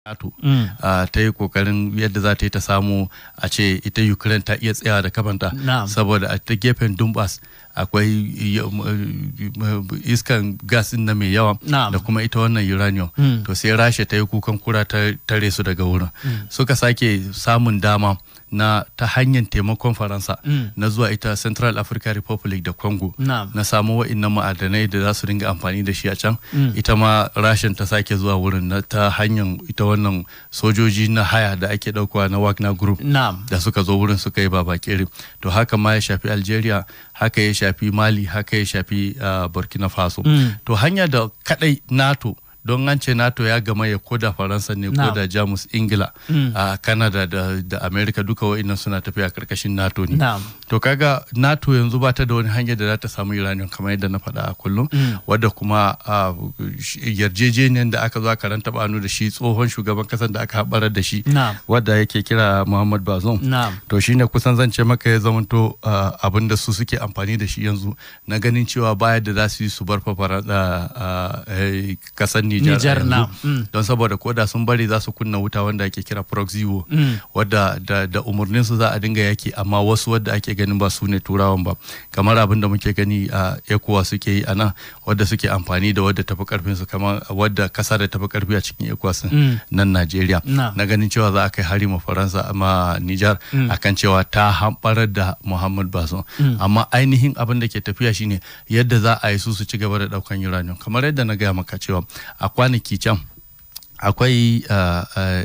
NATO mm. ta yi kokarin yadda za ta yi ta samu a ce ita Ukraine ta iya tsayawa da kafanta saboda a ta gefen Donbass akwai iskan gas na mai yawa da kuma ita wannan uranium mm. to sai rasha ta yi kukan kura ta tare su daga wurin hmm. suka sake samun dama na ta hanyar taimakon faransa hmm. na zuwa ita central african republic da congo na, samu samu wa'innan ma'adanai da za su ringa amfani da shi a can hmm. ita ma rashin ta sake zuwa wurin na ta hanyar ita wannan sojoji na haya da ake daukowa na wagner group da suka zo wurin suka yi babakere to haka ma ya shafi algeria haka ya shafi mali haka ya shafi uh, burkina faso mm. to hanya da kadai nato don an ce nato ya gama ya koda faransa ne no. koda jamus ingila a mm. Uh, canada da, da america duka wa'in suna tafiya karkashin nato ne to kaga nato yanzu ba ta da wani hanyar da za ta samu uranium kamar yadda na faɗa a kullum mm. wadda kuma yarjejeniyar da aka zo aka ranta banu da shi tsohon shugaban kasar da aka haɓarar da shi wadda yake kira muhammad Bazon. to shine kusan zan ce maka ya zamanto abin da su suke amfani da shi yanzu na ganin cewa baya da za su yi su bar fafara da kasar eh, nijar mm. don saboda ko da sun bari za su kunna wuta wanda ake kira proxy war mm. wadda da umarninsu za a dinga yaki amma wasu wadda ake ganin ba su ne turawan ba kamar abin da muke gani a ekuwa suke yi a nan wadda suke amfani da wadda tafi karfin su kamar wadda kasa da tafi karfi a cikin ekuwa sun mm. nan najeriya na ganin cewa za a kai hari ma faransa ma nijar mm. akan cewa ta hamɓarar da muhammad basu mm. amma ainihin abin da ke tafiya shine yadda za a yi su su ci gaba da ɗaukan uranium kamar yadda na gaya maka cewa a kwanaki can akwai uh, uh,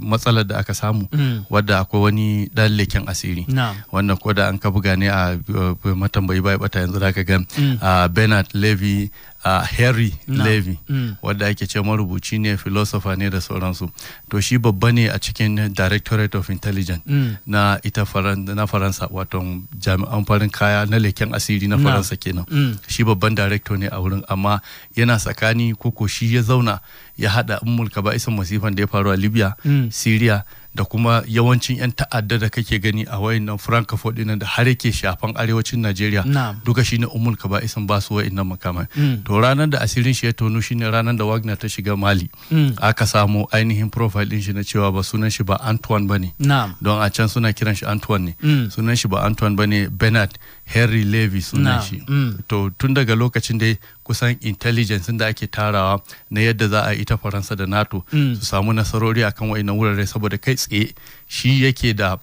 matsalar da aka samu mm. wadda akwai wani dan leken asiri wanda ko da an ka buga ne a uh, matambayi bai bata yanzu ka mm. uh, bernard levy uh, Harry no. Levy mm. wadda ake ce marubuci ne philosopher ne da sauransu to shi babba ne a cikin Directorate of Intelligence mm. na ita faran, na Faransa wato jami'an farin kaya na leken asiri na Faransa kenan mm. shi babban director ne a wurin amma yana tsakani koko shi ya zauna ya hada ba isan masifan da ya faru a Libya mm. Syria da kuma yawancin 'yan ta'adda da kake gani a nan francophone dinnan da har yake shafan arewacin najeriya duka shine umul ka ba isan su wayannan makamai mm. to ranar da asirin shi ya tono shine ranar da wagner ta shiga mali mm. aka samu ainihin profile din shi na cewa ba sunan shi ba antoine bane don a can suna kiran shi antoine ne mm. sunan shi ba antoine bane bernard henry levy sunan shi to tun daga lokacin da kusan intelligence da ake tarawa na yadda za a ita faransa da nato mm. su samu nasarori akan wa'annan wurare saboda kai tsaye shi yake da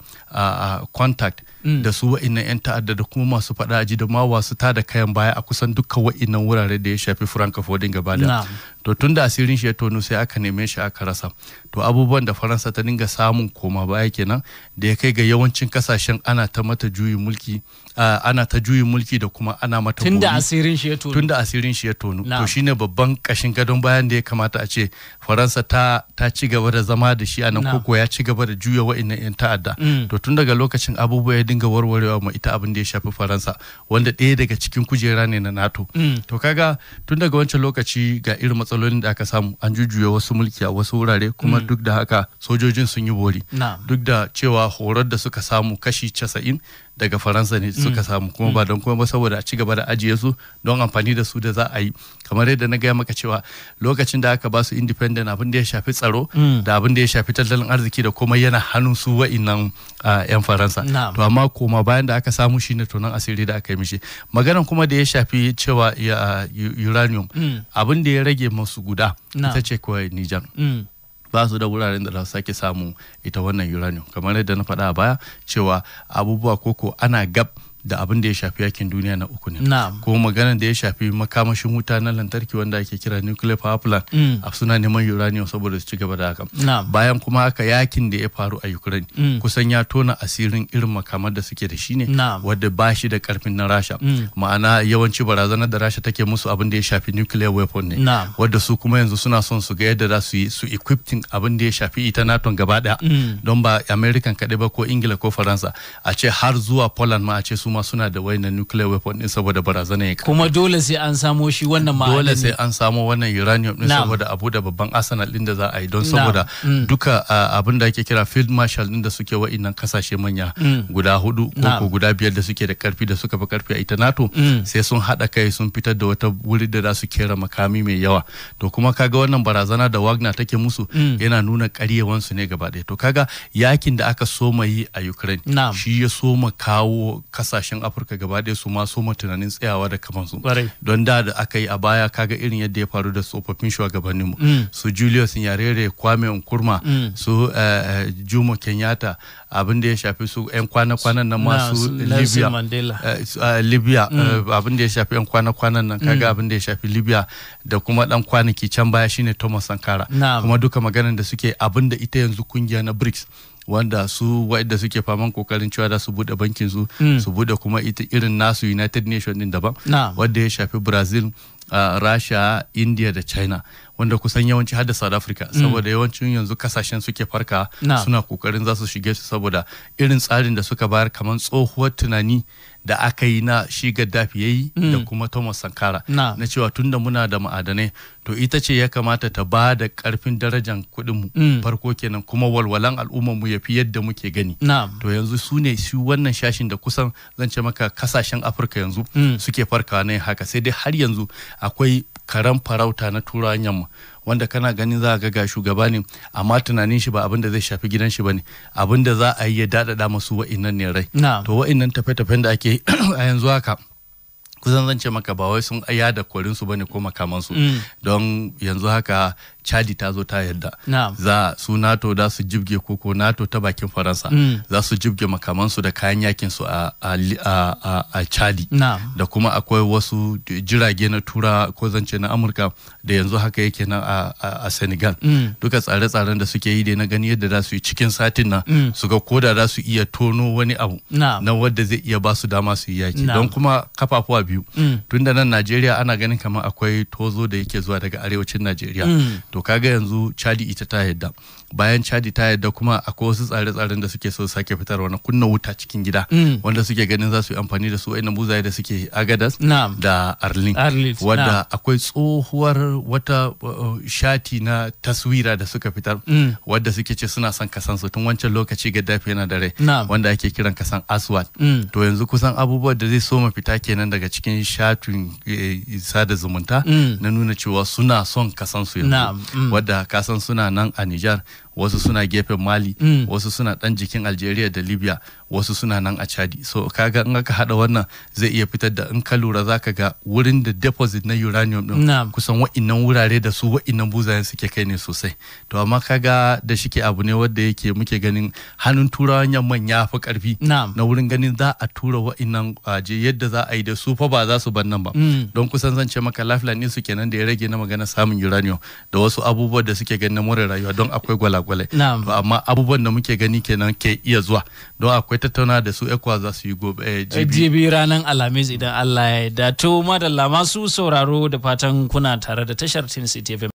contact mm. da su wa'innan 'yan ta'adda da kuma masu faɗa ji da ma wasu ta da kayan baya a kusan dukkan wa'innan wurare da ya shafi francophonie gaba da to tun da asirin shi ya tono sai aka neme shi aka rasa to abubuwan da faransa ta dinga samun koma baya kenan da ya kai ga yawancin kasashen ana ta mata juyin mulki ana ta juyin mulki da kuma ana mata tun da asirin shi ya tono tun da asirin shi ya tono to shine babban kashin gadon bayan da ya kamata a ce faransa ta ta ci gaba da zama da shi a nan koko ya ci gaba da juya wa'annan 'yan ta'adda mm. to tun daga lokacin abubuwa ya dinga warwarewa ma ita abin da ya shafi faransa wanda ɗaya daga cikin kujera ne na nato mm. to kaga tun daga wancan lokaci ga irin matsalolin da aka samu an jujjuya wasu mulki a wasu wurare kuma mm. duk da haka sojojin sun yi bori duk da cewa horar da suka samu kashi casa'in daga faransa ne suka mm. samu kuma ba mm. don kuma ba saboda a ci gaba da ajiye su don amfani da su da za a yi kamar yadda na gaya maka cewa lokacin da aka ba su independent abin da ya shafi tsaro mm. da abin da ya shafi tattalin arziki da kuma yana hannun su wa'innan yan faransa to amma koma bayan da aka samu shi ne tunan asiri da aka yi mishi maganan kuma da ya shafi cewa uranium abin da ya rage masu guda ita ce kawai nijar ba su da wuraren da za su sake samu ita wannan uranium kamar yadda na faɗa a baya cewa abubuwa koko ana gab da abin da ya shafi yakin duniya na uku ne ko maganar da ya shafi makamashin wuta na lantarki wanda ake kira nuclear power plant mm. a suna neman uranium saboda su ci gaba da haka bayan kuma haka yakin da ya faru a ukraine mm. kusan ya tona asirin irin makamar da suke da shi ne wadda ba shi da karfin na rasha mm. ma'ana yawanci barazanar da rasha take musu abin da ya shafi nuclear weapon ne wadda su kuma yanzu suna son su ga yadda za su yi su equipping abin da ya shafi ita nato gaba daya don ba american kaɗai ba ko ingila ko faransa a ce har zuwa poland ma a ce su ma suna da wayannan nuclear weapon din saboda barazana ya kuma dole sai an samo shi wannan ma'adani dole sai an samo wannan uranium din saboda abu da babban arsenal din da za a yi don saboda mm. duka abin da ake kira field marshal din da suke wa'innan kasashe manya mm. guda hudu ko guda biyar da suke da karfi da suka fi karfi a ita nato mm. sai sun haɗa kai sun fitar da wata wuri da za su kera makami mai yawa to kuma kaga wannan barazana da wagner take musu yana nuna su ne gaba ɗaya to kaga yakin da aka soma yi a ukraine shi ya soma kawo kasashe kasashen afirka gaba ɗaya su ma tunanin tsayawa da kamansu don da da aka yi a baya kaga irin yadda ya faru da tsofaffin shugabannin mu mm. su julius yarere kwame nkurma mm. su eh, eh, jumo kenyatta abin da ya shafi su 'yan kwana-kwanan nan masu libya eh, libya mm. abin da ya shafi 'yan kwana-kwanan nan kaga abin da ya shafi libya da kuma dan kwanaki can baya shine thomas sankara kuma duka maganar da suke abin da ita yanzu kungiya na brics wanda su waɗanda suke faman kokarin cewa da su bude bankin su hmm. su buɗe kuma ita irin nasu united nations din daban wanda ya shafi brazil ah, russia india da china wanda kusan yawanci hadda da South Africa mm. saboda yawancin yanzu kasashen suke farka suna kokarin za su shige su saboda irin tsarin da suka bayar kamar tsohuwar tunani da aka yi na shi Gaddafi yayi mm. da kuma Thomas Sankara na, cewa tunda muna da ma'adanai to ita ce ya kamata ta ba da karfin darajan kuɗin mu mm. farko kenan kuma walwalan al'ummar mu yafi yadda muke gani to yanzu su ne su wannan shashin da kusan zan ce maka kasashen Afirka yanzu suke farkawa ne haka sai dai har yanzu akwai karan farauta na turawan yamma wanda kana ganin za ga ga shugaba ne amma tunanin shi ba abin da zai shafi gidan shi bane abin da za a yi ya dadada masu wa'innan ne rai to wa'innan tafe-tafen da ake a yanzu haka kusan zan ce maka ba wai sun aya da kwarinsu ba ne ko makamansu mm. don yanzu haka chadi ta zo ta yadda za su nato da su jibge koko nato ta bakin faransa mm. za su jibge makamansu da kayan yakin su a chadi da kuma akwai wasu jirage na tura ko zance na amurka da yanzu haka yake nan a senegal mm. duka tsare-tsaren da suke yi da na gani yadda za su yi cikin satin nan su ga koda za su iya tono wani abu na wadda zai iya ba su dama su yi yaki don kuma kafafuwa biyu biyu mm. tunda nan najeriya ana ganin kamar akwai tozo da yake zuwa daga arewacin najeriya mm. to kaga yanzu chadi ita ta yadda bayan chadi ta yadda kuma akwai wasu tsare-tsaren da suke so sake fitar wani kunna wuta cikin gida mm. wanda suke ganin za su yi amfani da su wa'in buzaye da suke agadas da arlin wadda akwai tsohuwar wata uh, shati na taswira da suka fitar wadda suke ce suna son kasan su tun wancan lokaci gaddafi yana da rai wanda ake kiran kasan aswad to yanzu kusan abubuwan da zai soma fita kenan daga cikin shafin eh, sada zumunta mm. na nuna cewa suna son kasansu yanzu mm. wadda kasan suna nan a Nijar wasu suna gefen mali mm. wasu suna dan jikin algeria da libya wasu suna nan a chadi so ga in aka hada wannan zai iya fitar da in ka lura zaka ga wurin da deposit na uranium din no. kusan wa'innan wurare da su wa'innan buzayen suke kai ne sosai to amma kaga da shike abu ne wanda yake muke ganin hannun turawan yamman ya fi karfi no. na wurin ganin za a tura wa'innan je yadda za a yi da su fa ba za su bar nan ba mm. don kusan zan ce maka lifeline su kenan da ya rage na magana samun uranium da wasu abubuwa da suke ganin more rayuwa don akwai gwala kwale-kwale amma abubuwan da muke gani kenan ke iya zuwa don akwai tattauna da su ekwa za su yi gobe eh, eh, jibi ranar alhamis idan allah ya da to madalla masu sauraro da fatan kuna tare da tashar tin city